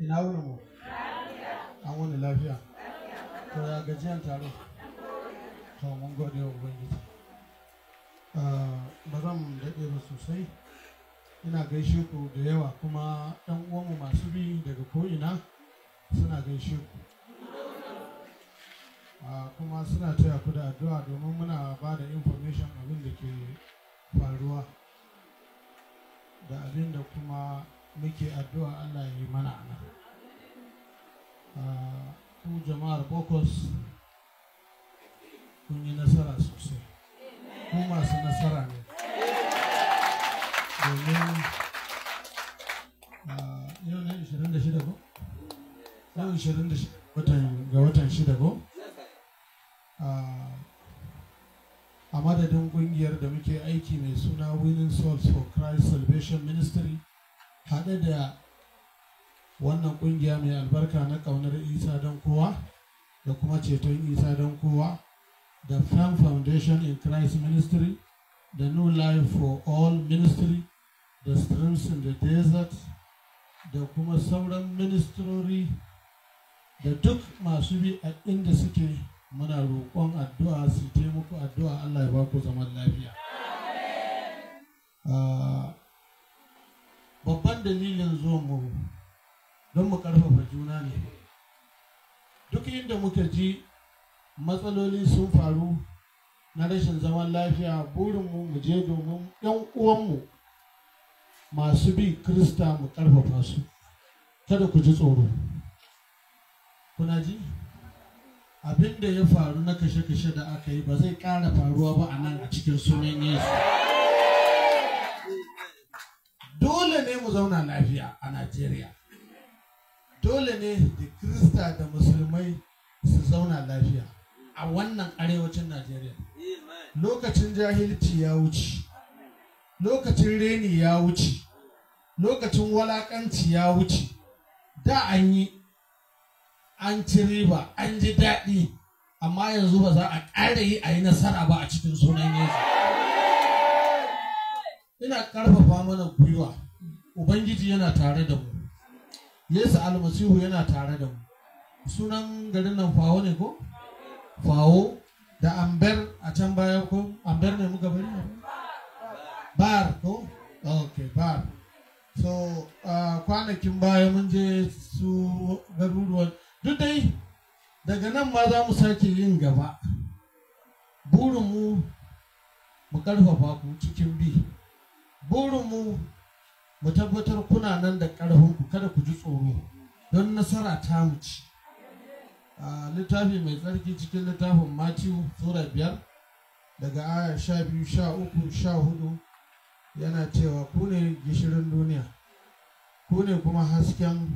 Ina wurin mu? An wani lafiya. To ya gajiyan taro? To mun gode wa Ubangiji. Ah, ba zan daɗe ba sosai. Ina gaishe ku da yawa kuma ɗan uwanmu masu bi daga ko'ina suna gaishe ku. Ah, kuma suna taya ku da addu'a domin muna ba da information abin da ke faruwa da abin da kuma muke addu'a Allah ya yi mana ana ah, ku jama'ar bokos kun yi nasara sosai ku masu nasara ne domin ah, yau na 26 ko? yau 26 ga watan 6 ko? Ah, a madadin kungiyar da muke aiki mai suna winning souls for christ salvation ministry haɗe da wannan ƙungiya mai albarka na ƙaunar isa don kowa da kuma ceton isa don kowa da Farm Foundation in Christ Ministry, the New Life for All Ministry, the Streams in the Desert, da kuma sauran ministrori da duk masu bi a inda suke muna roƙon addu'a su taimako addu'a Allah ya ba ku zaman lafiya. Ah, babban dalilin mu don mu karfafa juna ne duk inda muka ji matsaloli sun faru na rashin zaman lafiya burinmu mu je domin 'yan uwanmu masu bi krista mu karfafa su kada ku ji tsoro kuna ji abin da ya faru na kashe-kashe da aka yi ba zai kara faruwa ba a nan a cikin sunan yesu mu zauna lafiya a Najeriya. Dole ne da Krista da Musulmai su zauna lafiya a wannan arewacin Najeriya. Lokacin jahilci ya wuce, lokacin reni ya wuce, lokacin walakanci ya wuce, da an yi, an ci riba, an ji daɗi, amma yanzu ba za a ƙara yi a yi nasara ba a cikin sunan yanzu. Ina ƙarfafa mana gwiwa. Ubangiji yana tare da mu. Yesu almasihu yana tare da mu. Sunan garin nan fawo ne ko? Fawo da amber a can baya ko? Amber ne muka bari? Bar ko? Ok, bar. So, kwanakin baya mun je su garuruwan. Duk dai, daga nan ma za mu sake yin gaba. Burinmu mu ƙarfafa ku cikin bi. Burinmu mu tabbatar kuna nan da ƙarfinku kada ku ji tsoro don nasara ta mu ci a littafi mai tsarki cikin littafin matiyu sura biyar daga aya sha biyu sha uku sha hudu yana cewa ku ne gishirin duniya ku ne kuma hasken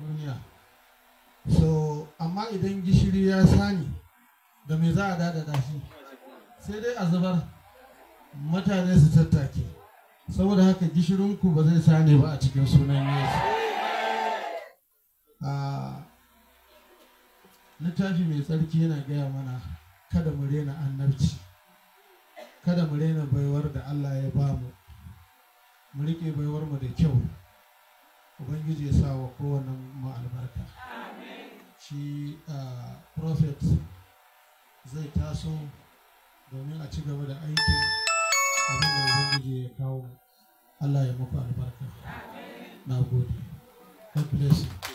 duniya so amma idan gishiri ya sani da me za a dada shi sai dai a zubar mutane su tattake saboda haka gishirinku ba zai sani ba a cikin sunan yesu ah, littafi mai tsarki yana gaya mana kada mu rena annabci kada mu rena baiwar da allah ya ba mu mu riƙe baiwar mu da kyau ubangiji ya sa wa kowane mu albarka shi ah, prophet zai taso domin a ci gaba da aikin abin da ubangiji ya kawo Allah ya muku albarka na gode God bless you